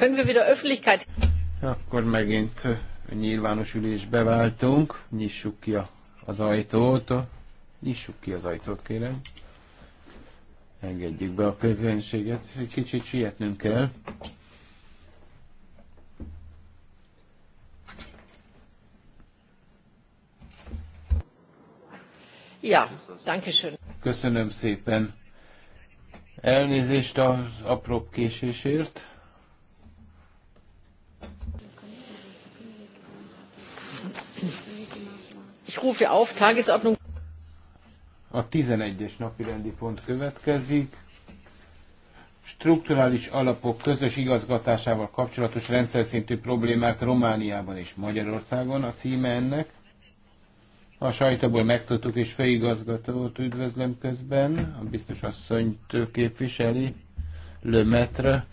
Können wir wieder Öffentlichkeit... Akkor megint nyilvános ülésbe beváltunk. Nyissuk ki az ajtót. Nyissuk ki az ajtót, kérem. Engedjük be a közönséget. Egy kicsit sietnünk kell. Ja, danke schön. Köszönöm szépen. Elnézést az apró késésért. Ich rufe auf Tagesordnung. A 11-es napi rendi pont következik. Strukturális alapok közös igazgatásával kapcsolatos rendszer szintű problémák Romániában és Magyarországon a címe ennek. A sajtóból megtudtuk, és főigazgatót üdvözlöm közben, a biztos asszonyt képviseli, Lömetre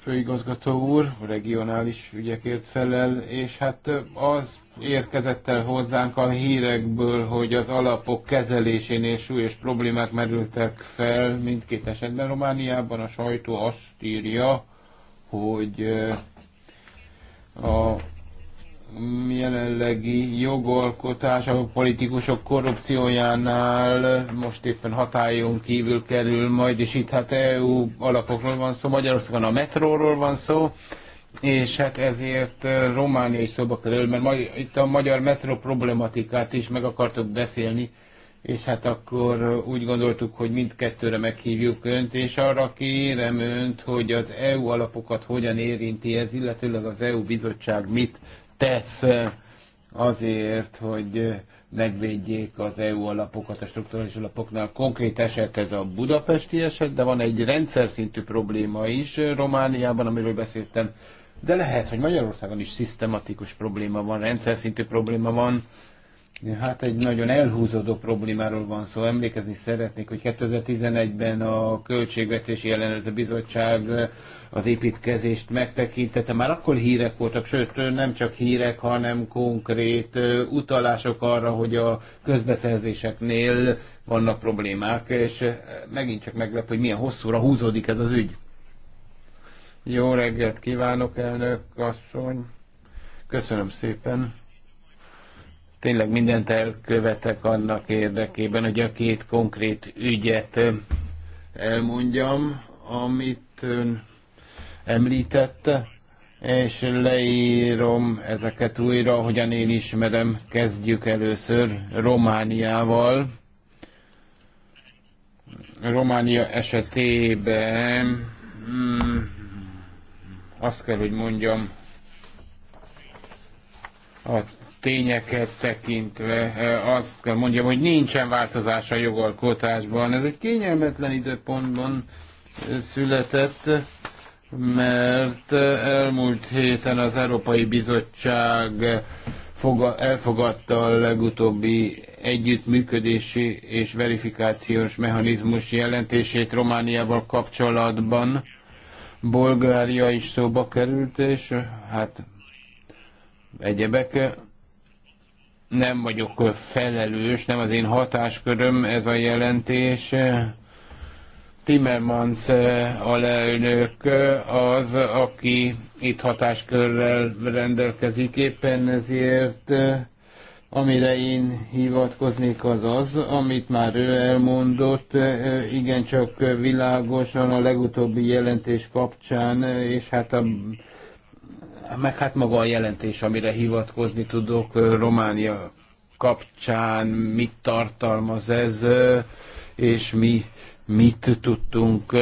főigazgató úr, regionális ügyekért felel, és hát az érkezett el hozzánk a hírekből, hogy az alapok kezelésénél súlyos problémák merültek fel mindkét esetben Romániában. A sajtó azt írja, hogy eh, a mi jelenlegi jogalkotás a politikusok korrupciójánál most éppen hatályon kívül kerül majd, és itt hát EU alapokról van szó, Magyarországon a metróról van szó, és hát ezért Románia is szóba kerül, mert magy- itt a magyar metró problematikát is meg akartok beszélni, és hát akkor úgy gondoltuk, hogy mindkettőre meghívjuk önt, és arra kérem önt, hogy az EU alapokat hogyan érinti ez, illetőleg az EU bizottság mit tesz azért, hogy megvédjék az EU alapokat, a strukturális alapoknál. Konkrét eset ez a budapesti eset, de van egy rendszer szintű probléma is Romániában, amiről beszéltem. De lehet, hogy Magyarországon is szisztematikus probléma van, rendszer szintű probléma van Hát egy nagyon elhúzódó problémáról van szó. Emlékezni szeretnék, hogy 2011-ben a Költségvetési Ellenőrző Bizottság az építkezést megtekintette. Már akkor hírek voltak, sőt nem csak hírek, hanem konkrét utalások arra, hogy a közbeszerzéseknél vannak problémák, és megint csak meglep, hogy milyen hosszúra húzódik ez az ügy. Jó reggelt kívánok, elnök asszony! Köszönöm szépen! tényleg mindent elkövetek annak érdekében, hogy a két konkrét ügyet elmondjam, amit ön említette, és leírom ezeket újra, hogyan én ismerem. Kezdjük először Romániával. Románia esetében mm, azt kell, hogy mondjam, a tényeket tekintve e, azt kell mondjam, hogy nincsen változás a jogalkotásban. Ez egy kényelmetlen időpontban e, született, mert e, elmúlt héten az Európai Bizottság elfogadta a legutóbbi együttműködési és verifikációs mechanizmus jelentését Romániával kapcsolatban. Bulgária is szóba került, és hát egyebek nem vagyok felelős, nem az én hatásköröm ez a jelentés. Timmermans eh, alelnök eh, az, aki itt hatáskörrel rendelkezik éppen, ezért eh, amire én hivatkoznék az az, amit már ő elmondott, igencsak világosan a legutóbbi jelentés kapcsán, és hát a meg hát maga a jelentés, amire hivatkozni tudok Románia kapcsán, mit tartalmaz ez, és mi mit tudtunk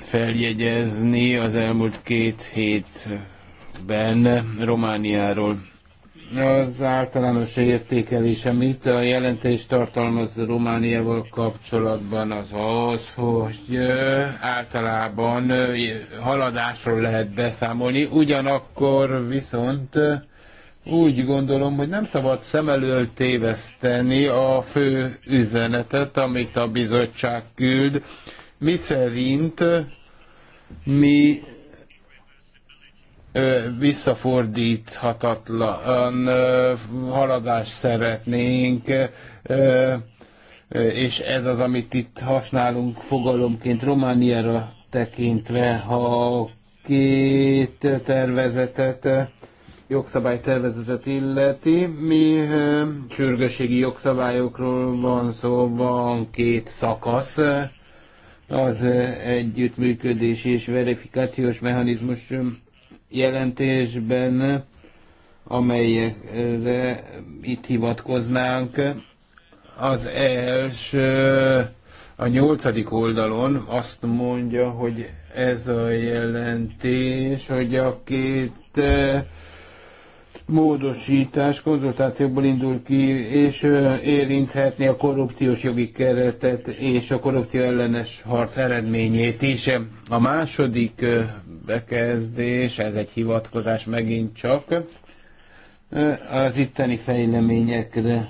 feljegyezni az elmúlt két hétben Romániáról az általános értékelés, amit a jelentés tartalmaz Romániával kapcsolatban, az az, hogy általában haladásról lehet beszámolni, ugyanakkor viszont úgy gondolom, hogy nem szabad szem elől téveszteni a fő üzenetet, amit a bizottság küld, mi szerint mi visszafordíthatatlan haladást szeretnénk, és ez az, amit itt használunk fogalomként Romániára tekintve, ha két tervezetet, jogszabálytervezetet illeti. Mi sürgősségi jogszabályokról van szó, van két szakasz, az együttműködés és verifikációs mechanizmus jelentésben, amelyre itt hivatkoznánk. Az első, a nyolcadik oldalon azt mondja, hogy ez a jelentés, hogy a két módosítás konzultációkból indul ki, és érinthetni a korrupciós jogi keretet és a korrupció ellenes harc eredményét is. A második bekezdés, ez egy hivatkozás megint csak, az itteni fejleményekre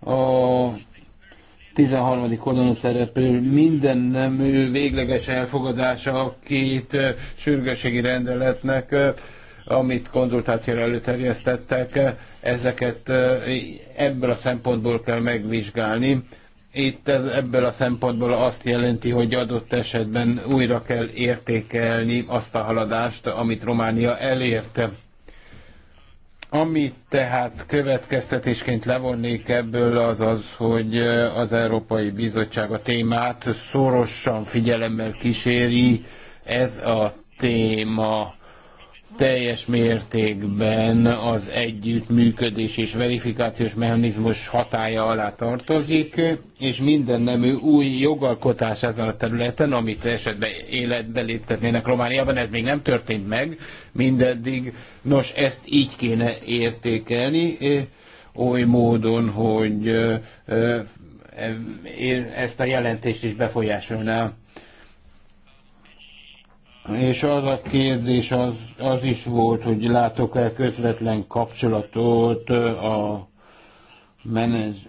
a 13. oldalon szereplő minden nemű végleges elfogadása a két sürgősségi rendeletnek amit konzultációra előterjesztettek, ezeket ebből a szempontból kell megvizsgálni. Itt ez ebből a szempontból azt jelenti, hogy adott esetben újra kell értékelni azt a haladást, amit Románia elérte. Amit tehát következtetésként levonnék ebből az az, hogy az Európai Bizottság a témát szorosan figyelemmel kíséri. Ez a téma teljes mértékben az együttműködés és verifikációs mechanizmus hatája alá tartozik, és minden nemű új jogalkotás ezen a területen, amit esetben életbe léptetnének Romániában, ez még nem történt meg mindeddig. Nos, ezt így kéne értékelni, eh, oly módon, hogy eh, eh, ezt a jelentést is befolyásolná és az a kérdés az, az is volt, hogy látok-e közvetlen kapcsolatot a menedz,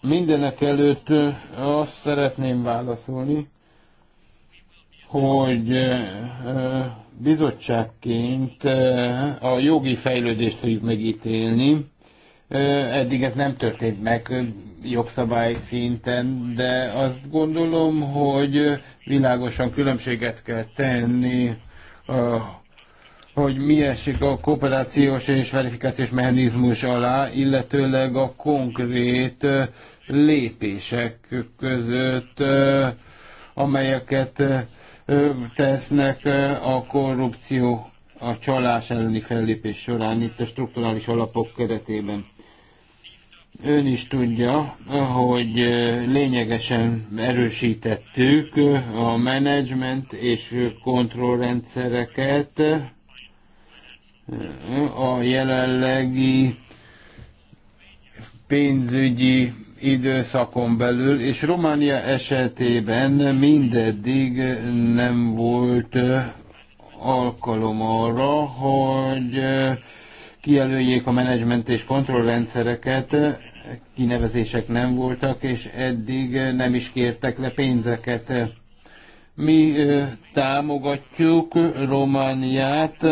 Mindenek előtt azt szeretném válaszolni, hogy bizottságként a jogi fejlődést fogjuk megítélni, Eddig ez nem történt meg jogszabály szinten, de azt gondolom, hogy világosan különbséget kell tenni, hogy mi esik a kooperációs és verifikációs mechanizmus alá, illetőleg a konkrét lépések között, amelyeket tesznek a korrupció a csalás elleni fellépés során itt a strukturális alapok keretében. Ön is tudja, hogy eh, lényegesen erősítettük eh, a menedzsment és kontrollrendszereket. Eh, a jelenlegi pénzügyi időszakon belül, és Románia esetében mindeddig nem volt alkalom arra, hogy kijelöljék a menedzsment és kontrollrendszereket, kinevezések nem voltak, és eddig nem is kértek le pénzeket. Mi támogatjuk Romániát,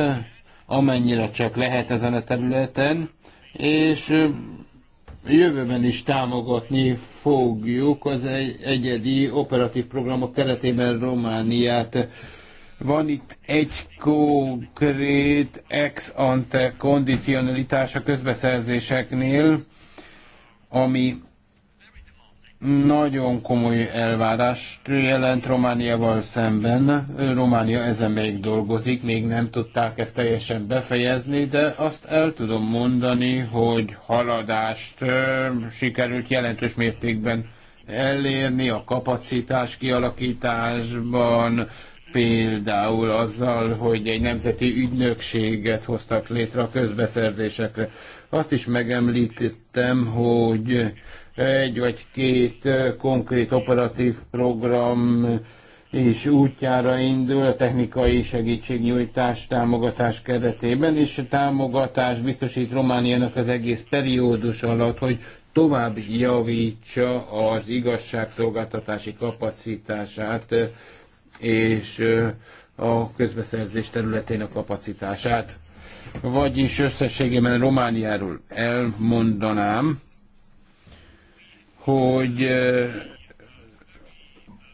amennyire csak lehet ezen a területen, és jövőben is támogatni fogjuk az egyedi operatív programok keretében Romániát. Van itt egy konkrét ex ante kondicionalitás a közbeszerzéseknél, ami nagyon komoly elvárást jelent Romániával szemben. Románia ezen még dolgozik, még nem tudták ezt teljesen befejezni, de azt el tudom mondani, hogy haladást sikerült jelentős mértékben elérni a kapacitás kialakításban, például azzal, hogy egy nemzeti ügynökséget hoztak létre a közbeszerzésekre. Azt is megemlítettem, hogy egy vagy két konkrét operatív program és útjára indul a technikai segítségnyújtás támogatás keretében, és a támogatás biztosít Romániának az egész periódus alatt, hogy tovább javítsa az igazságszolgáltatási kapacitását és a közbeszerzés területén a kapacitását. Vagyis összességében Romániáról elmondanám, hogy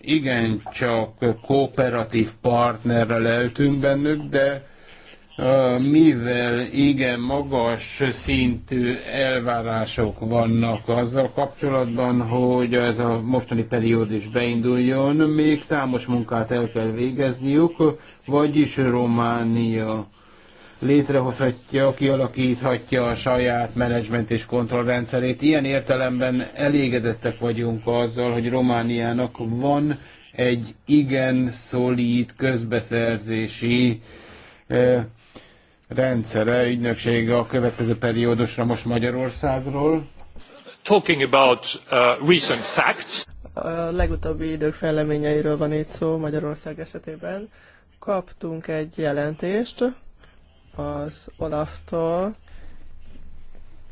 igen, csak kooperatív partnerre lehetünk bennük, de mivel igen magas szintű elvárások vannak azzal kapcsolatban, hogy ez a mostani periódus beinduljon, még számos munkát el kell végezniük, vagyis Románia létrehozhatja, kialakíthatja a saját menedzsment és kontrollrendszerét. Ilyen értelemben elégedettek vagyunk azzal, hogy Romániának van egy igen szolíd közbeszerzési e, rendszere, ügynöksége a következő periódusra most Magyarországról. Talking about uh, recent facts. A legutóbbi idők fejleményeiről van itt szó Magyarország esetében. Kaptunk egy jelentést, az Olaftól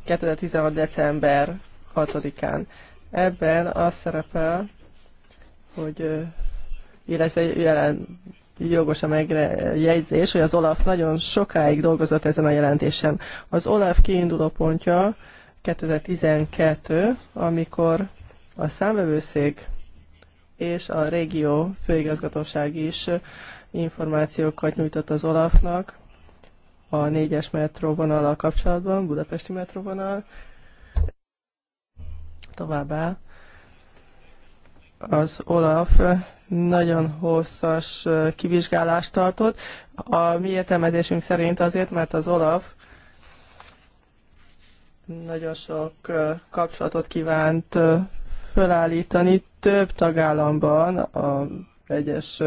2016. december 6-án. Ebben az szerepel, hogy illetve jelen jogos a megjegyzés, hogy az Olaf nagyon sokáig dolgozott ezen a jelentésen. Az Olaf kiinduló pontja 2012, amikor a számvevőszék és a régió főigazgatóság is információkat nyújtott az Olafnak a négyes metróvonalal kapcsolatban, budapesti metróvonal. Továbbá az Olaf nagyon hosszas kivizsgálást tartott. A mi értelmezésünk szerint azért, mert az Olaf nagyon sok kapcsolatot kívánt felállítani több tagállamban a egyes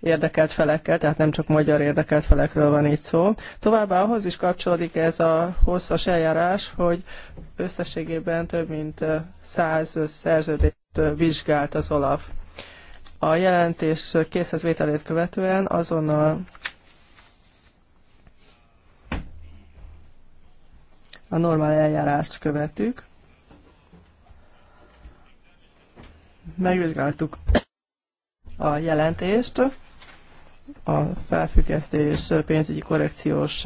érdekelt felekkel, tehát nem csak magyar érdekelt felekről van itt szó. Továbbá ahhoz is kapcsolódik ez a hosszas eljárás, hogy összességében több mint 100 szerződést vizsgált az OLAF. A jelentés készhezvételét követően azonnal a normál eljárást követjük. Megvizsgáltuk a jelentést a felfüggesztés pénzügyi korrekciós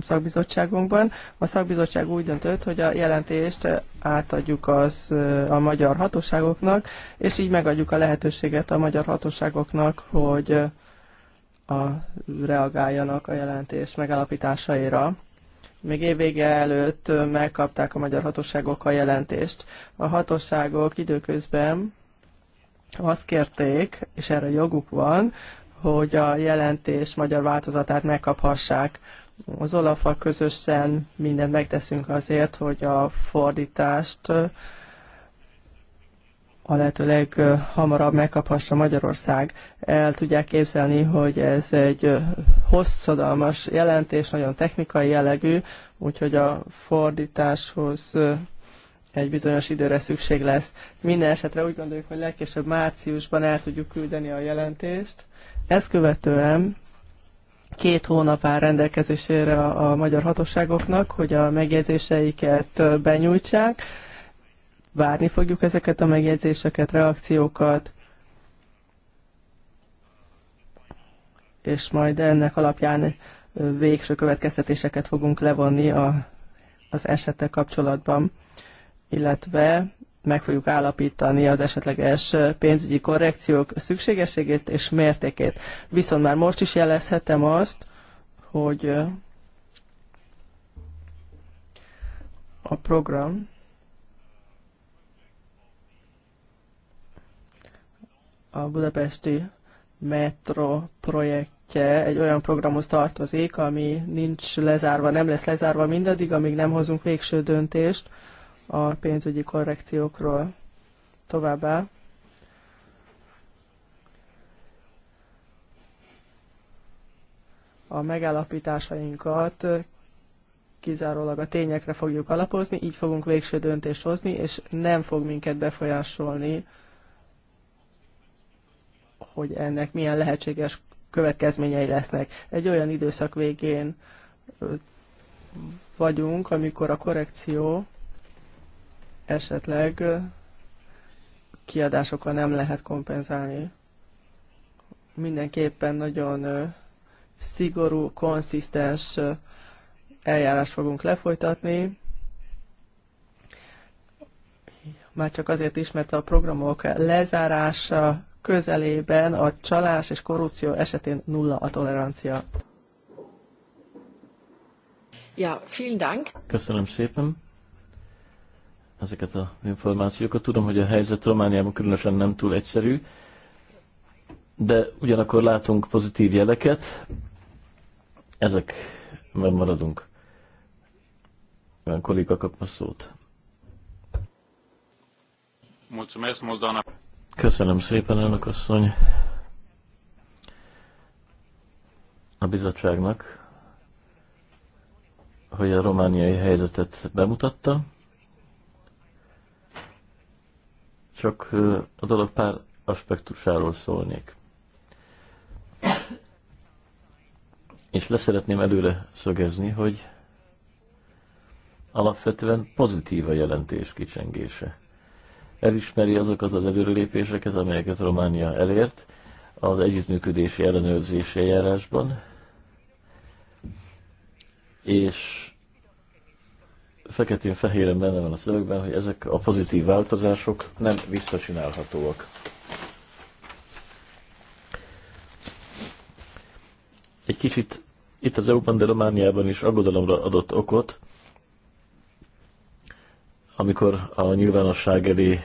szakbizottságunkban. A szakbizottság úgy döntött, hogy a jelentést átadjuk az, a magyar hatóságoknak, és így megadjuk a lehetőséget a magyar hatóságoknak, hogy a, reagáljanak a jelentés megállapításaira. Még évvége előtt megkapták a magyar hatóságok a jelentést. A hatóságok időközben azt kérték, és erre joguk van, hogy a jelentés magyar változatát megkaphassák. Az olaf közösen mindent megteszünk azért, hogy a fordítást a lehető leghamarabb megkaphassa Magyarország. El tudják képzelni, hogy ez egy hosszadalmas jelentés, nagyon technikai jellegű, úgyhogy a fordításhoz egy bizonyos időre szükség lesz. Minden esetre úgy gondoljuk, hogy legkésőbb márciusban el tudjuk küldeni a jelentést, ezt követően két hónap áll rendelkezésére a, a magyar hatóságoknak, hogy a megjegyzéseiket benyújtsák. Várni fogjuk ezeket a megjegyzéseket, reakciókat, és majd ennek alapján végső következtetéseket fogunk levonni a, az esettel kapcsolatban, illetve meg fogjuk állapítani az esetleges pénzügyi korrekciók szükségességét és mértékét. Viszont már most is jelezhetem azt, hogy a program a budapesti metro projektje egy olyan programhoz tartozik, ami nincs lezárva, nem lesz lezárva mindaddig, amíg nem hozunk végső döntést a pénzügyi korrekciókról. Továbbá a megállapításainkat kizárólag a tényekre fogjuk alapozni, így fogunk végső döntést hozni, és nem fog minket befolyásolni, hogy ennek milyen lehetséges következményei lesznek. Egy olyan időszak végén vagyunk, amikor a korrekció esetleg kiadásokkal nem lehet kompenzálni. Mindenképpen nagyon szigorú, konszisztens eljárás fogunk lefolytatni, már csak azért is, mert a programok lezárása közelében a csalás és korrupció esetén nulla a tolerancia. Ja, vielen Dank. Köszönöm szépen ezeket az információkat. Tudom, hogy a helyzet Romániában különösen nem túl egyszerű, de ugyanakkor látunk pozitív jeleket, ezekben maradunk. Olyan kolléga a szót. Köszönöm szépen, elnök asszony. A bizottságnak, hogy a romániai helyzetet bemutatta. csak a dolog pár aspektusáról szólnék. És leszeretném előre szögezni, hogy alapvetően pozitív a jelentés kicsengése. Elismeri azokat az előrelépéseket, amelyeket Románia elért az együttműködési ellenőrzési eljárásban, és feketén-fehéren benne van a szövegben, hogy ezek a pozitív változások nem visszacsinálhatóak. Egy kicsit itt az EU-ban, de Romániában is aggodalomra adott okot, amikor a nyilvánosság elé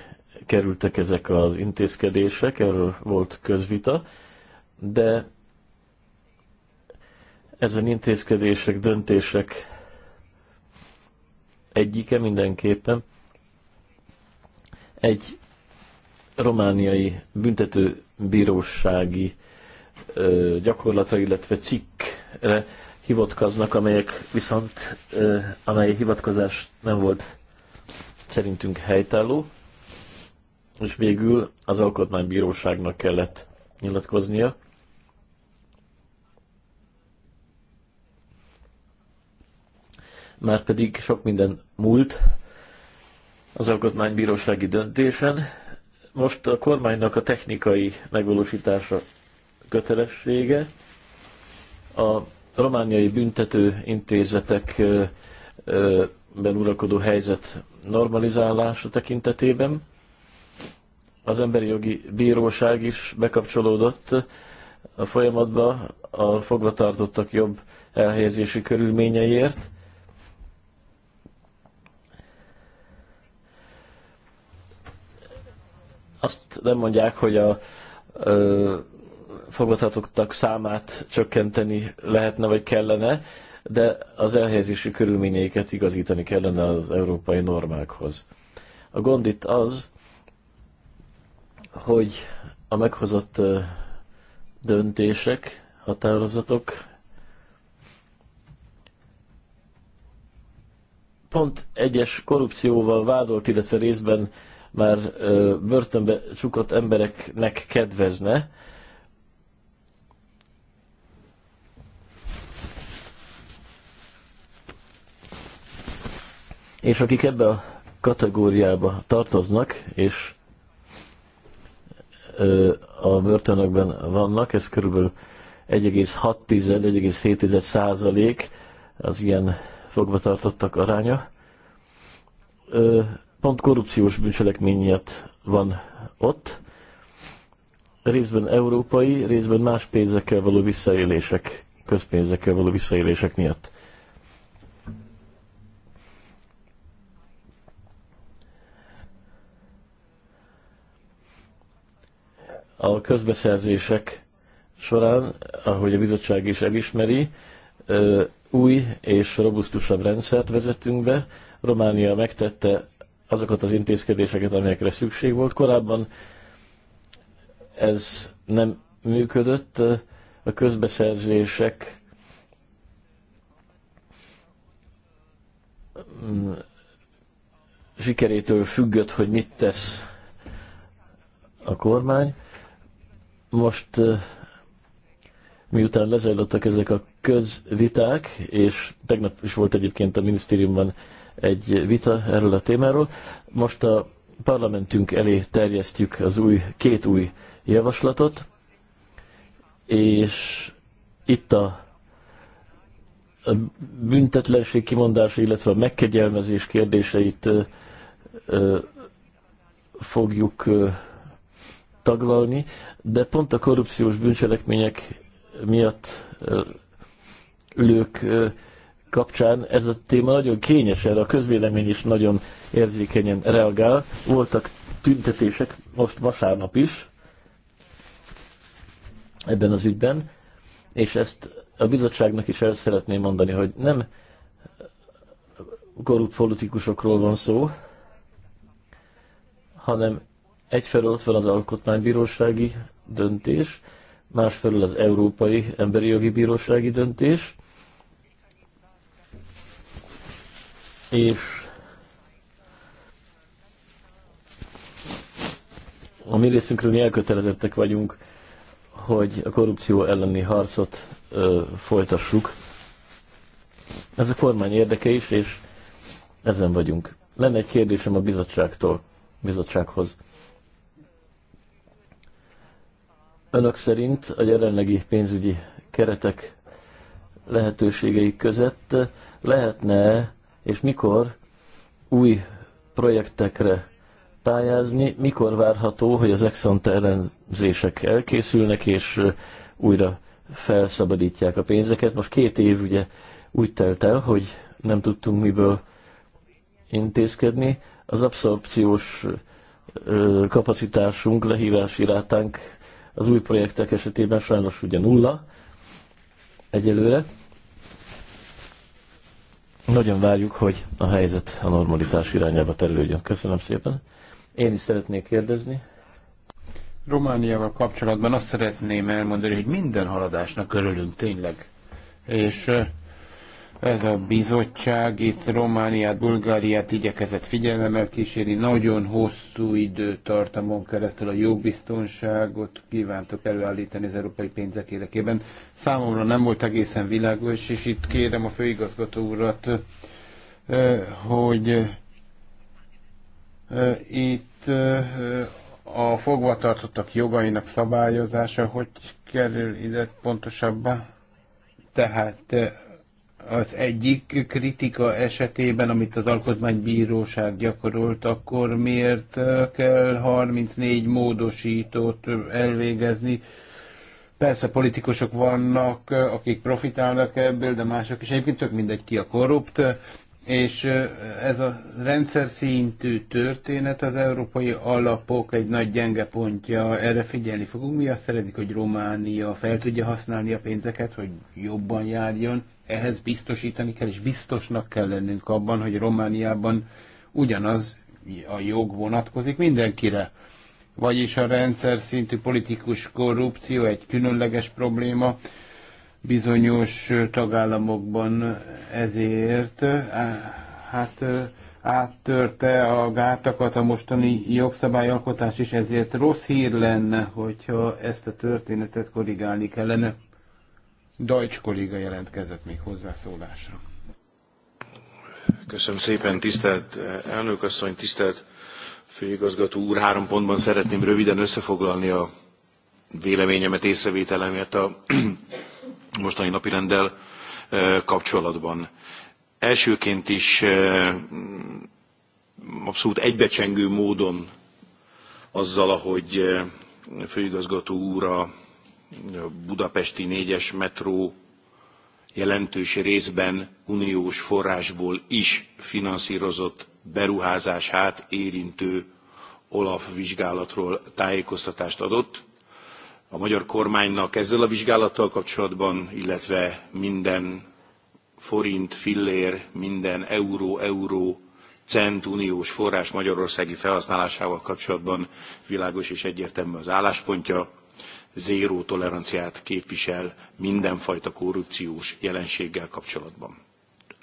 kerültek ezek az intézkedések, erről volt közvita, de ezen intézkedések, döntések egyike mindenképpen. Egy romániai büntető bírósági ö, gyakorlatra, illetve cikkre hivatkoznak, amelyek viszont, ö, amely hivatkozás nem volt szerintünk helytálló, és végül az alkotmánybíróságnak kellett nyilatkoznia. már pedig sok minden múlt az alkotmánybírósági döntésen. Most a kormánynak a technikai megvalósítása kötelessége. A romániai büntető intézetek uralkodó helyzet normalizálása tekintetében. Az Emberi Jogi Bíróság is bekapcsolódott a folyamatba a fogvatartottak jobb elhelyezési körülményeiért. Azt nem mondják, hogy a ö, számát csökkenteni lehetne vagy kellene, de az elhelyezési körülményeiket igazítani kellene az európai normákhoz. A gond itt az, hogy a meghozott döntések, határozatok pont egyes korrupcióval vádolt, illetve részben már börtönbe csukott embereknek kedvezne. És akik ebbe a kategóriába tartoznak, és a börtönökben vannak, ez körülbelül 1,6-1,7 százalék az ilyen fogvatartottak aránya pont korrupciós bűncselekmény miatt van ott. Részben európai, részben más pénzekkel való visszaélések, közpénzekkel való visszaélések miatt. A közbeszerzések során, ahogy a bizottság is elismeri, új és robusztusabb rendszert vezetünk be. Románia megtette azokat az intézkedéseket, amelyekre szükség volt. Korábban ez nem működött, a közbeszerzések mm, sikerétől függött, hogy mit tesz a kormány. Most miután lezajlottak ezek a közviták, és tegnap is volt egyébként a minisztériumban egy vita erről a témáról. Most a parlamentünk elé terjesztjük az új, két új javaslatot, és itt a büntetlenség kimondása, illetve a megkegyelmezés kérdéseit fogjuk taglalni, de pont a korrupciós bűncselekmények miatt ülők kapcsán ez a téma nagyon kényes, erre a közvélemény is nagyon érzékenyen reagál. Voltak tüntetések most vasárnap is ebben az ügyben, és ezt a bizottságnak is el szeretném mondani, hogy nem korrupt politikusokról van szó, hanem egyfelől ott van az alkotmánybírósági döntés, másfelől az Európai Emberi Jogi Bírósági döntés, és a mi részünkről mi elkötelezettek vagyunk, hogy a korrupció elleni harcot ö, folytassuk. Ez a kormány érdeke is, és ezen vagyunk. Lenne egy kérdésem a bizottságtól, bizottsághoz. Önök szerint a jelenlegi pénzügyi keretek lehetőségeik között lehetne és mikor új projektekre pályázni, mikor várható, hogy az exante ellenzések elkészülnek, és újra felszabadítják a pénzeket. Most két év ugye úgy telt el, hogy nem tudtunk miből intézkedni. Az abszorpciós kapacitásunk, lehívási rátánk az új projektek esetében sajnos ugye nulla egyelőre. Nagyon várjuk, hogy a helyzet a normalitás irányába terüljön Köszönöm szépen. Én is szeretnék kérdezni. Romániával kapcsolatban azt szeretném elmondani, hogy minden haladásnak örülünk tényleg. És ez a bizottság itt Romániát, Bulgáriát igyekezett figyelemmel kísérni. Nagyon hosszú időtartamon keresztül a jogbiztonságot kívántok előállítani az európai pénzek érdekében. Számomra nem volt egészen világos, és itt kérem a főigazgató urat, eh, hogy eh, itt eh, a fogvatartottak jogainak szabályozása, hogy kerül ide pontosabban? Tehát az egyik kritika esetében, amit az alkotmánybíróság gyakorolt, akkor miért eh, kell 34 módosítót eh, elvégezni? Persze politikusok vannak, eh, akik profitálnak ebből, de mások is. Egyébként tök mindegy ki a korrupt, és ez a rendszer szintű történet az európai alapok egy nagy gyenge pontja, erre figyelni fogunk. Mi azt szeretnék, hogy Románia fel tudja használni a pénzeket, hogy jobban járjon ehhez biztosítani kell, és biztosnak kell lennünk abban, hogy Romániában ugyanaz a jog vonatkozik mindenkire. Vagyis a rendszer szintű politikus korrupció egy különleges probléma, bizonyos tagállamokban ezért hát áttörte a gátakat a mostani jogszabályalkotás, és ezért rossz hír lenne, hogyha ezt a történetet korrigálni kellene. Deutsch kolléga jelentkezett még hozzászólásra. Köszönöm szépen, tisztelt eh, elnök asszony, tisztelt főigazgató úr. Három pontban szeretném röviden összefoglalni a véleményemet, észrevételemet a mostani napirenddel eh, kapcsolatban. Elsőként is eh, abszolút egybecsengő módon azzal, ahogy főigazgató úr a budapesti négyes metró jelentős részben uniós forrásból is finanszírozott beruházását érintő Olaf vizsgálatról tájékoztatást adott. A magyar kormánynak ezzel a vizsgálattal kapcsolatban, illetve minden forint, fillér, minden euró, euró, cent uniós forrás magyarországi felhasználásával kapcsolatban világos és egyértelmű az álláspontja zéró toleranciát képvisel mindenfajta korrupciós jelenséggel kapcsolatban.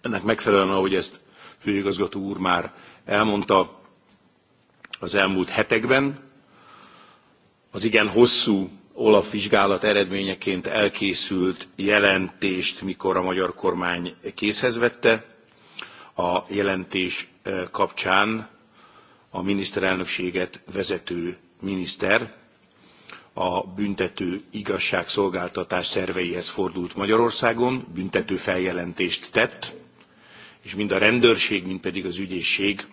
Ennek megfelelően, ahogy ezt főigazgató úr már elmondta, az elmúlt hetekben az igen hosszú Olaf vizsgálat eredményeként elkészült jelentést, mikor a magyar kormány készhez vette. A jelentés eh, kapcsán a miniszterelnökséget vezető miniszter, a büntető igazságszolgáltatás szerveihez fordult Magyarországon, büntető feljelentést tett, és mind a rendőrség, mind pedig az ügyészség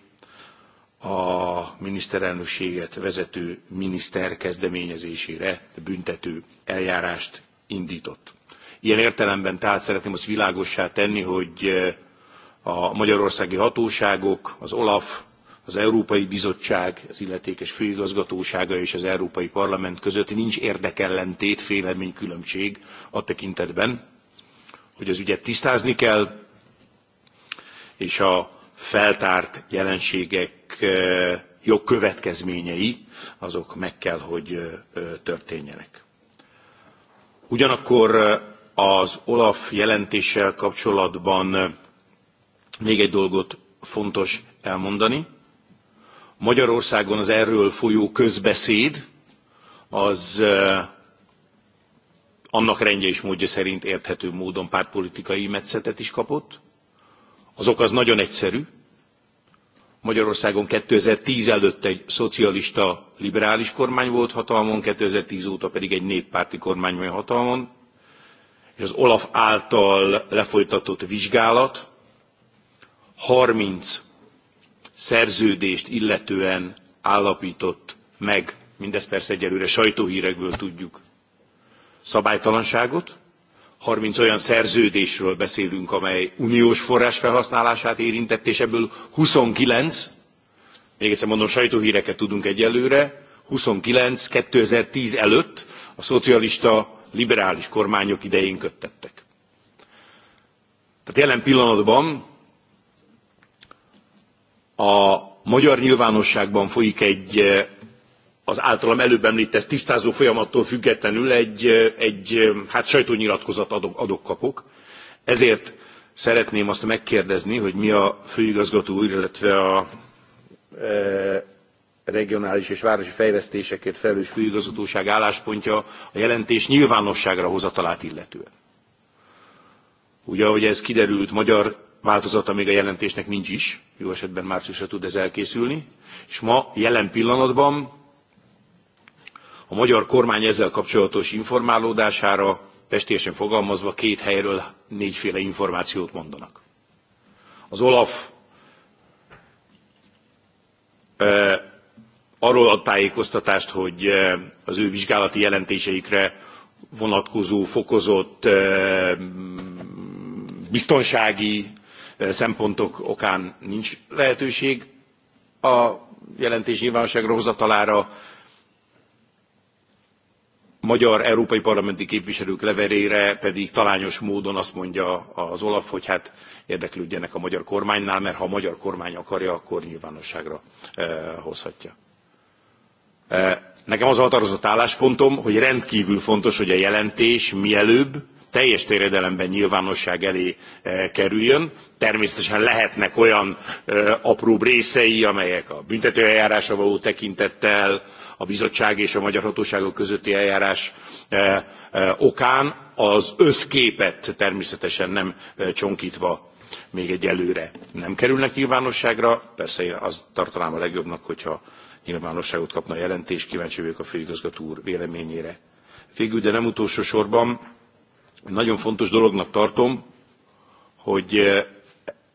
a miniszterelnökséget vezető miniszter kezdeményezésére büntető eljárást indított. Ilyen értelemben tehát szeretném azt világossá tenni, hogy eh, a magyarországi hatóságok, az OLAF, az Európai Bizottság, az illetékes főigazgatósága és az Európai Parlament között nincs érdekellentét, véleménykülönbség a tekintetben, hogy az ügyet tisztázni kell, és a feltárt jelenségek jogkövetkezményei azok meg kell, hogy történjenek. Ugyanakkor az Olaf jelentéssel kapcsolatban még egy dolgot fontos elmondani, Magyarországon az erről folyó közbeszéd az annak rendje és módja szerint érthető módon pártpolitikai metszetet is kapott. Az ok az nagyon egyszerű. Magyarországon 2010 előtt egy szocialista liberális kormány volt hatalmon, 2010 óta pedig egy néppárti kormány van hatalmon, és az Olaf által lefolytatott vizsgálat 30 szerződést illetően állapított meg, mindezt persze egyelőre sajtóhírekből tudjuk, szabálytalanságot, 30 olyan szerződésről beszélünk, amely uniós forrás felhasználását érintett, és ebből 29, még egyszer mondom, sajtóhíreket tudunk egyelőre, 29 2010 előtt a szocialista liberális kormányok idején köttettek. Tehát jelen pillanatban a magyar nyilvánosságban folyik egy eh, az általam előbb említett tisztázó folyamattól függetlenül egy, eh, egy eh, hát sajtónyilatkozat adok, adok kapok. Ezért szeretném azt megkérdezni, hogy mi a főigazgató úr, illetve a e, regionális és városi fejlesztésekért felelős főigazgatóság álláspontja a jelentés nyilvánosságra hozatalát illetően. Ugye, ahogy ez kiderült, magyar változata még a jelentésnek nincs is, jó esetben márciusra tud ez elkészülni, és ma jelen pillanatban a magyar kormány ezzel kapcsolatos informálódására testésen fogalmazva két helyről négyféle információt mondanak. Az Olaf e, arról ad tájékoztatást, hogy az ő vizsgálati jelentéseikre vonatkozó fokozott e, biztonsági szempontok okán nincs lehetőség a jelentés nyilvánosságra hozatalára. Magyar európai parlamenti képviselők leverére pedig talányos módon azt mondja az Olaf, hogy hát érdeklődjenek a magyar kormánynál, mert ha a magyar kormány akarja, akkor nyilvánosságra hozhatja. Nekem az a határozott álláspontom, hogy rendkívül fontos, hogy a jelentés mielőbb teljes terjedelemben nyilvánosság elé eh, kerüljön. Természetesen lehetnek olyan eh, apróbb részei, amelyek a büntetőeljárásra való tekintettel, a bizottság és a magyar hatóságok közötti eljárás eh, okán az összképet természetesen nem csonkítva még egyelőre nem kerülnek nyilvánosságra. Persze én azt tartanám a legjobbnak, hogyha nyilvánosságot kapna a jelentés, kíváncsi vagyok a főigazgató úr véleményére. Végül, de nem utolsó sorban, nagyon fontos dolognak tartom, hogy eh,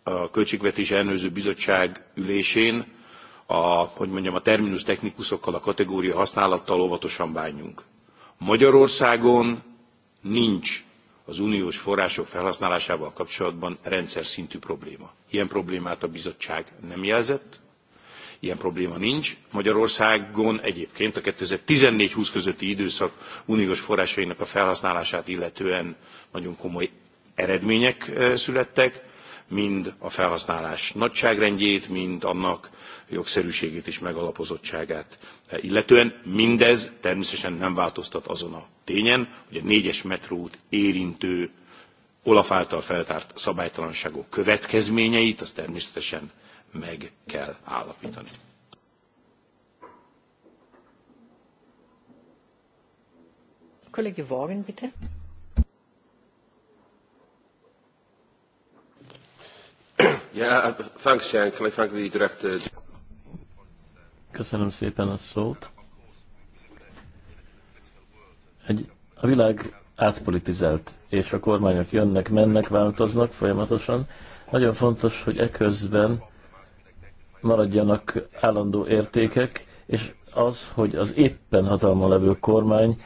a Költségvetési Ellenőrző Bizottság ülésén a, hogy mondjam, a terminus technikusokkal, a kategória használattal óvatosan bánjunk. Magyarországon nincs az uniós források felhasználásával kapcsolatban rendszer szintű probléma. Ilyen problémát a bizottság nem jelzett, ilyen probléma nincs. Magyarországon egyébként a 2014-20 közötti időszak uniós forrásainak a felhasználását illetően nagyon komoly eredmények eh, születtek, mind a felhasználás nagyságrendjét, mind annak jogszerűségét és megalapozottságát eh, illetően. Mindez természetesen nem változtat azon a tényen, hogy a négyes metrót érintő Olaf által feltárt szabálytalanságok következményeit, az természetesen meg kell állapítani. Kollege Worgen, bitte. Ja, uh, thanks, Jan. Can I thank the director? Köszönöm szépen a szót. Egy, a világ átpolitizált, és a kormányok jönnek, mennek, változnak folyamatosan. Nagyon fontos, hogy eközben maradjanak állandó értékek, és az, hogy az éppen hatalma levő kormány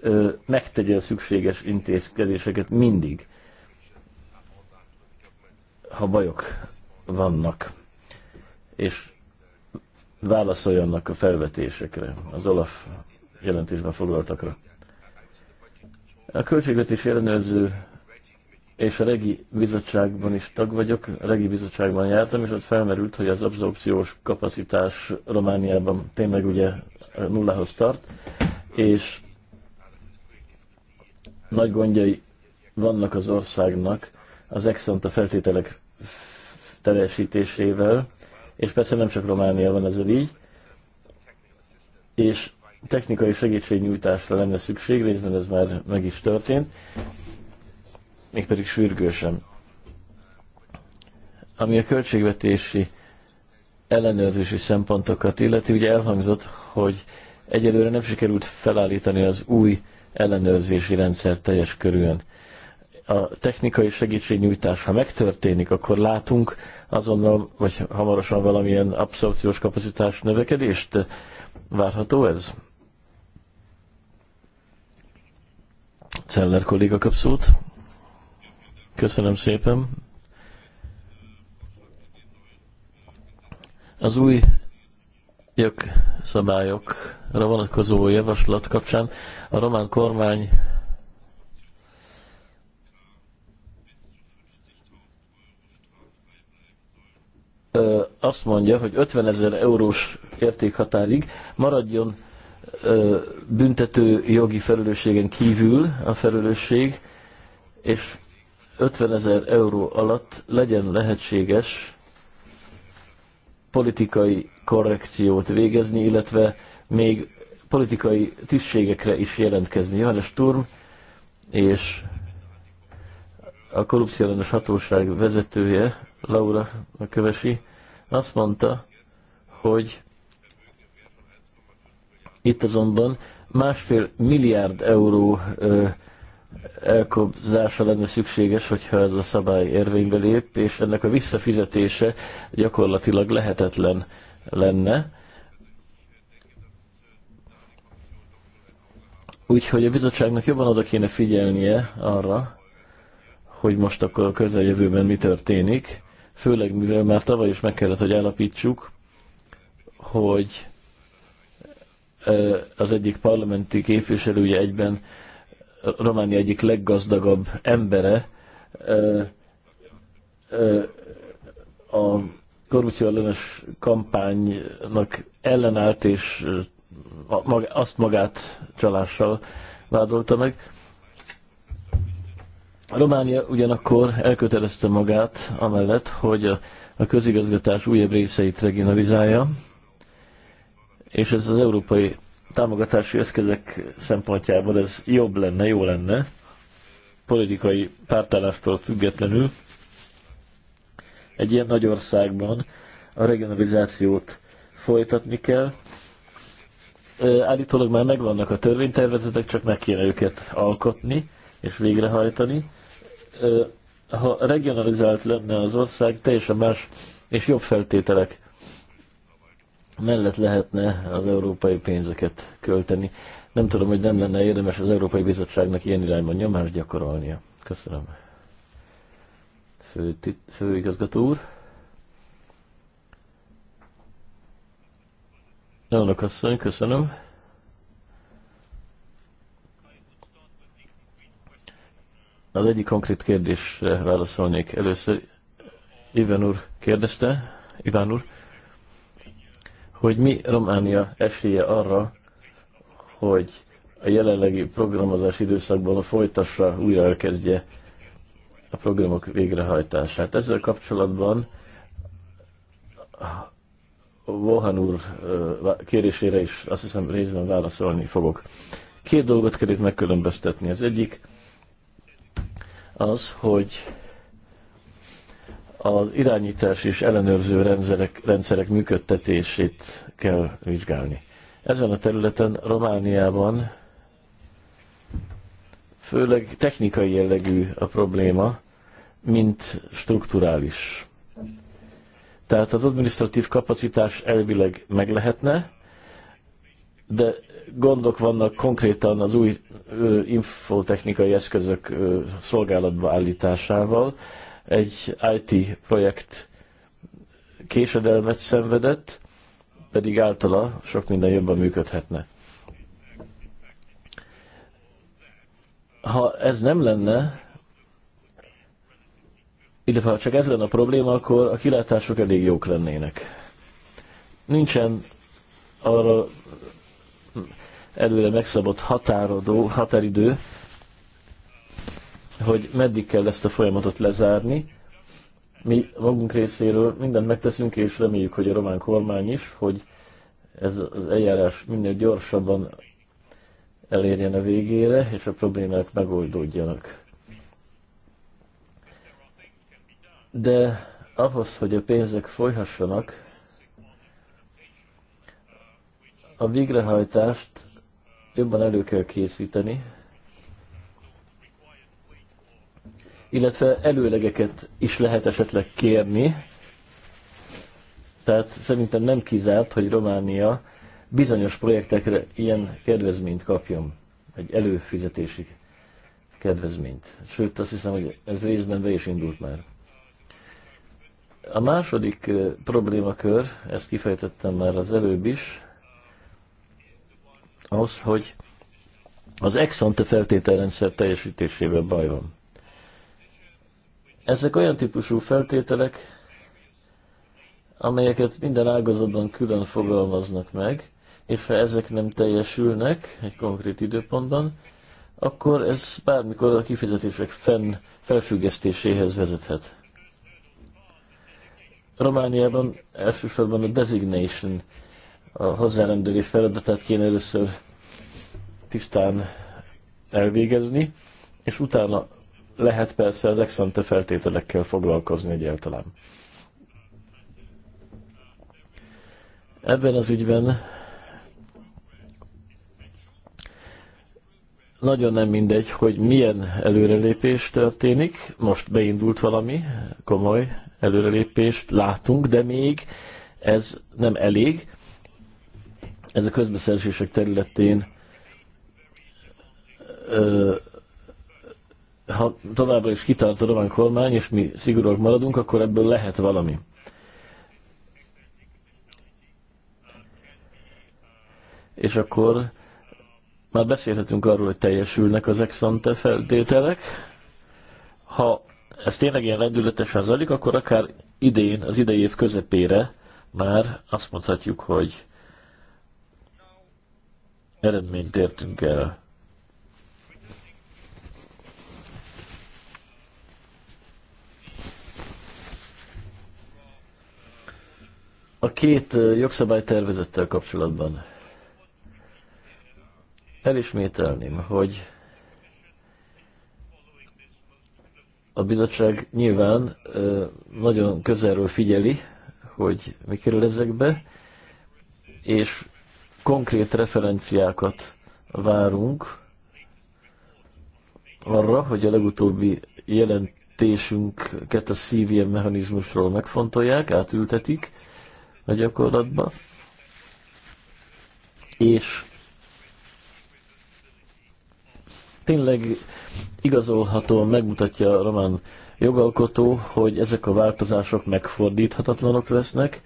ö, megtegye a szükséges intézkedéseket mindig, ha bajok vannak, és válaszoljanak a felvetésekre, az Olaf jelentésben foglaltakra. A költségvetés ellenőrző és a regi bizottságban is tag vagyok, a regi bizottságban jártam, és ott felmerült, hogy az abszorpciós kapacitás Romániában tényleg ugye nullához tart, és nagy gondjai vannak az országnak az exanta feltételek teljesítésével, és persze nem csak Románia van ezzel így, és technikai segítségnyújtásra lenne szükség, részben ez már meg is történt, mégpedig sürgősen. Ami a költségvetési ellenőrzési szempontokat illeti, ugye elhangzott, hogy egyelőre nem sikerült felállítani az új ellenőrzési rendszer teljes körűen. A technikai segítségnyújtás, ha megtörténik, akkor látunk azonnal, vagy hamarosan valamilyen abszorpciós kapacitás növekedést. Várható ez? Celler kolléga kap Köszönöm szépen. Az új jogszabályokra vonatkozó javaslat kapcsán a román kormány azt mondja, hogy 50 ezer eurós értékhatárig maradjon büntető jogi felelősségen kívül a felelősség, és 50 ezer euró alatt legyen lehetséges politikai korrekciót végezni, illetve még politikai tisztségekre is jelentkezni. Johannes Turm és a korrupciós hatóság vezetője, Laura a Kövesi, azt mondta, hogy itt azonban másfél milliárd euró ö, elkobzása lenne szükséges, hogyha ez a szabály érvénybe lép, és ennek a visszafizetése gyakorlatilag lehetetlen lenne. Úgyhogy a bizottságnak jobban oda kéne figyelnie arra, hogy most akkor a közeljövőben mi történik, főleg mivel már tavaly is meg kellett, hogy állapítsuk, hogy az egyik parlamenti képviselője egyben Románia egyik leggazdagabb embere a korrupció ellenes kampánynak ellenállt, és azt magát csalással vádolta meg. A Románia ugyanakkor elkötelezte magát amellett, hogy a, a közigazgatás újabb részeit regionalizálja, és ez az európai támogatási eszközök szempontjából ez jobb lenne, jó lenne, politikai pártállástól függetlenül. Egy ilyen nagy országban a regionalizációt folytatni kell. Állítólag már megvannak a törvénytervezetek, csak meg kéne őket alkotni és végrehajtani. Ha regionalizált lenne az ország, teljesen más és jobb feltételek mellett lehetne az európai pénzeket költeni. Nem tudom, hogy nem lenne érdemes az Európai Bizottságnak ilyen irányban nyomást gyakorolnia. Köszönöm. Fő, főigazgató úr. Elnök asszony, köszönöm. Az egyik konkrét kérdésre válaszolnék. Először Iván úr kérdezte, Iván úr, hogy mi Románia esélye arra, hogy a jelenlegi programozás időszakban folytassa, újra elkezdje a programok végrehajtását. Ezzel kapcsolatban Vohan úr kérésére is azt hiszem részben válaszolni fogok. Két dolgot kell itt megkülönböztetni. Az egyik az, hogy az irányítás és ellenőrző rendszerek, rendszerek működtetését kell vizsgálni. Ezen a területen Romániában főleg technikai jellegű a probléma, mint strukturális. Tehát az administratív kapacitás elvileg meg lehetne, de gondok vannak konkrétan az új infotechnikai eszközök szolgálatba állításával, egy IT projekt késedelmet szenvedett, pedig általa sok minden jobban működhetne. Ha ez nem lenne, illetve ha csak ez lenne a probléma, akkor a kilátások elég jók lennének. Nincsen arra előre megszabott határodó, határidő, hogy meddig kell ezt a folyamatot lezárni. Mi magunk részéről mindent megteszünk, és reméljük, hogy a román kormány is, hogy ez az eljárás minél gyorsabban elérjen a végére, és a problémák megoldódjanak. De ahhoz, hogy a pénzek folyhassanak, a végrehajtást jobban elő kell készíteni, illetve előlegeket is lehet esetleg kérni. Tehát szerintem nem kizárt, hogy Románia bizonyos projektekre ilyen kedvezményt kapjon, egy előfizetési kedvezményt. Sőt, azt hiszem, hogy ez részben be is indult már. A második problémakör, ezt kifejtettem már az előbb is, az, hogy az ex ante feltételrendszer teljesítésével baj van. Ezek olyan típusú feltételek, amelyeket minden ágazatban külön fogalmaznak meg, és ha ezek nem teljesülnek egy konkrét időpontban, akkor ez bármikor a kifizetések fenn felfüggesztéséhez vezethet. Romániában elsősorban a designation, a hozzárendelés feladatát kéne először tisztán elvégezni, és utána lehet persze az exante feltételekkel foglalkozni egyáltalán. Ebben az ügyben nagyon nem mindegy, hogy milyen előrelépés történik. Most beindult valami, komoly előrelépést látunk, de még ez nem elég. Ez a közbeszerzések területén ö, ha továbbra is kitart a román kormány, és mi szigorúak maradunk, akkor ebből lehet valami. És akkor már beszélhetünk arról, hogy teljesülnek az exante feltételek. Ha ez tényleg ilyen rendületesen zajlik, akkor akár idén, az idei év közepére már azt mondhatjuk, hogy eredményt értünk el. a két jogszabálytervezettel kapcsolatban elismételném, hogy a bizottság nyilván nagyon közelről figyeli, hogy mi kerül ezekbe, és konkrét referenciákat várunk arra, hogy a legutóbbi jelentésünket a CVM mechanizmusról megfontolják, átültetik, a gyakorlatba, és tényleg igazolható, megmutatja a román jogalkotó, hogy ezek a változások megfordíthatatlanok lesznek,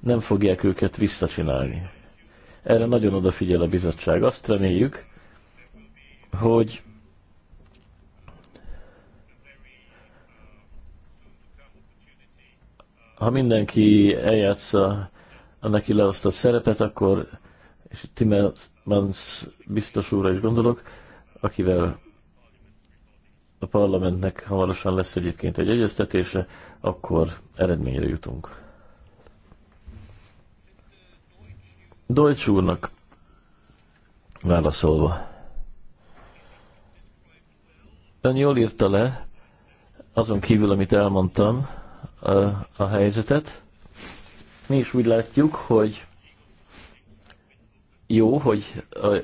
nem fogják őket visszacsinálni. Erre nagyon odafigyel a bizottság. Azt reméljük, hogy ha mindenki eljátsza a neki leosztott szerepet, akkor, és Timmermans biztos úrra is gondolok, akivel a parlamentnek hamarosan lesz egyébként egy egyeztetése, akkor eredményre jutunk. Deutsch úrnak válaszolva. Ön jól írta le, azon kívül, amit elmondtam, a, a helyzetet. Mi is úgy látjuk, hogy jó, hogy a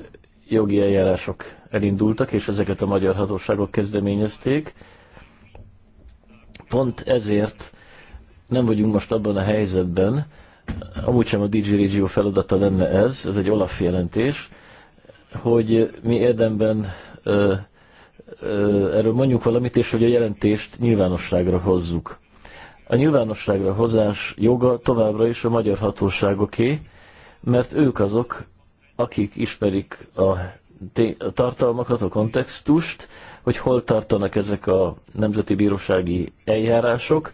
jogi eljárások elindultak, és ezeket a magyar hatóságok kezdeményezték. Pont ezért nem vagyunk most abban a helyzetben, amúgy sem a DJ Regio feladata lenne ez, ez egy Olaf jelentés, hogy mi érdemben ö, ö, erről mondjuk valamit, és hogy a jelentést nyilvánosságra hozzuk. A nyilvánosságra hozás joga továbbra is a magyar hatóságoké, mert ők azok, akik ismerik a, a tartalmakat, a kontextust, hogy hol tartanak ezek a nemzeti bírósági eljárások,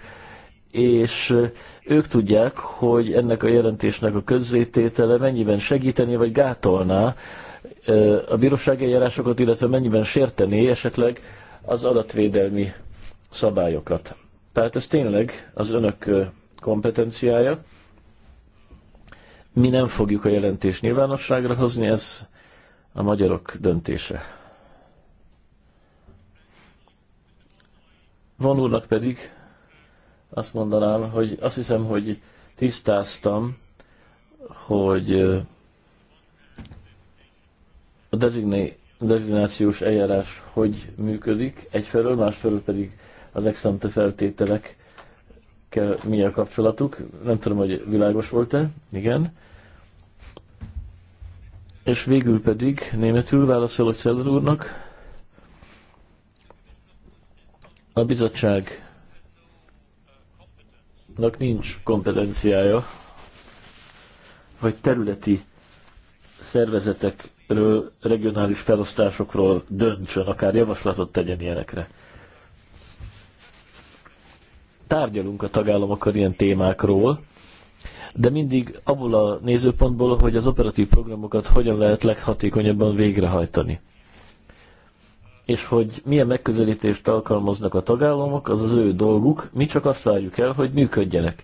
és ők tudják, hogy ennek a jelentésnek a közzététele mennyiben segíteni vagy gátolná a bírósági eljárásokat, illetve mennyiben sértené esetleg az adatvédelmi szabályokat. Tehát ez tényleg az önök kompetenciája. Mi nem fogjuk a jelentést nyilvánosságra hozni, ez a magyarok döntése. Van úrnak pedig azt mondanám, hogy azt hiszem, hogy tisztáztam, hogy a designációs eljárás hogy működik egyfelől, másfelől pedig az exante kell mi a kapcsolatuk. Nem tudom, hogy világos volt-e. Igen. És végül pedig németül válaszolok Szeller úrnak. A bizottságnak nincs kompetenciája, vagy területi szervezetekről, regionális felosztásokról döntsön, akár javaslatot tegyen ilyenekre tárgyalunk a tagállamokkal ilyen témákról, de mindig abból a nézőpontból, hogy az operatív programokat hogyan lehet leghatékonyabban végrehajtani. És hogy milyen megközelítést alkalmaznak a tagállamok, az az ő dolguk, mi csak azt várjuk el, hogy működjenek.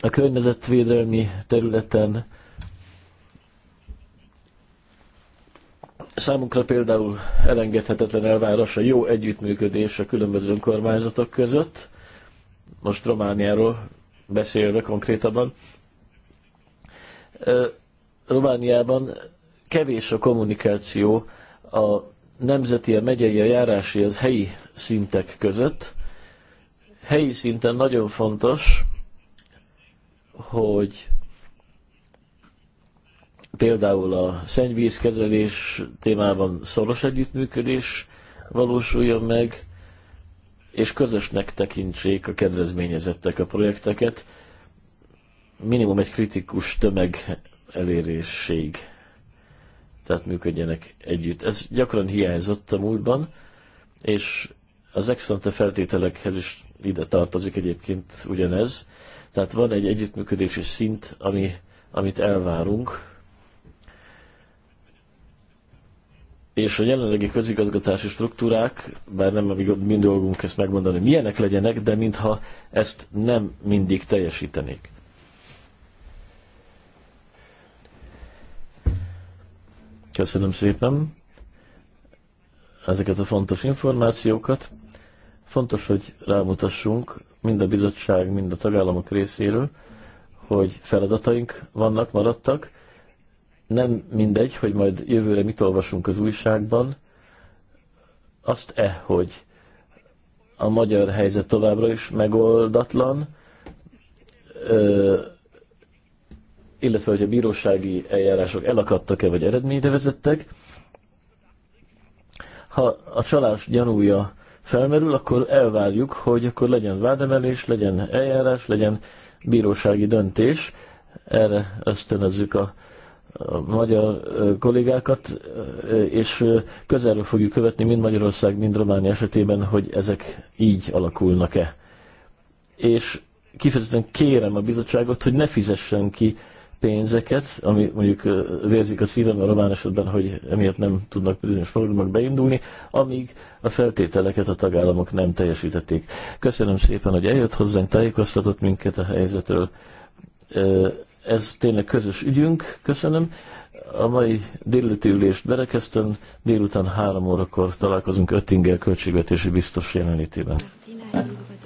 A környezetvédelmi területen Számunkra például elengedhetetlen elvárás a jó együttműködés a különböző önkormányzatok között, most Romániáról beszélve konkrétabban. Romániában kevés a kommunikáció a nemzeti, a megyei, a járási, az helyi szintek között. Helyi szinten nagyon fontos, hogy például a szennyvízkezelés témában szoros együttműködés valósuljon meg, és közösnek tekintsék a kedvezményezettek a projekteket, minimum egy kritikus tömeg eléréséig. Tehát működjenek együtt. Ez gyakran hiányzott a múltban, és az exante feltételekhez is ide tartozik egyébként ugyanez. Tehát van egy együttműködési szint, ami, amit elvárunk, és a jelenlegi közigazgatási struktúrák, bár nem mind dolgunk ezt megmondani, milyenek legyenek, de mintha ezt nem mindig teljesítenék. Köszönöm szépen ezeket a fontos információkat. Fontos, hogy rámutassunk mind a bizottság, mind a tagállamok részéről, hogy feladataink vannak, maradtak, nem mindegy, hogy majd jövőre mit olvasunk az újságban, azt-e, hogy a magyar helyzet továbbra is megoldatlan, ö, illetve hogy a bírósági eljárások elakadtak-e, vagy eredményre vezettek. Ha a csalás gyanúja felmerül, akkor elvárjuk, hogy akkor legyen vádemelés, legyen eljárás, legyen bírósági döntés. Erre ösztönözzük a a magyar kollégákat, és közelről fogjuk követni mind Magyarország, mind Románia esetében, hogy ezek így alakulnak-e. És kifejezetten kérem a bizottságot, hogy ne fizessen ki pénzeket, ami mondjuk vérzik a szívem a román esetben, hogy emiatt nem tudnak bizonyos programok beindulni, amíg a feltételeket a tagállamok nem teljesítették. Köszönöm szépen, hogy eljött hozzánk, tájékoztatott minket a helyzetről ez tényleg közös ügyünk. Köszönöm. A mai délelőtti ülést berekeztem, délután három órakor találkozunk Öttinger költségvetési biztos jelenlétében. Martina,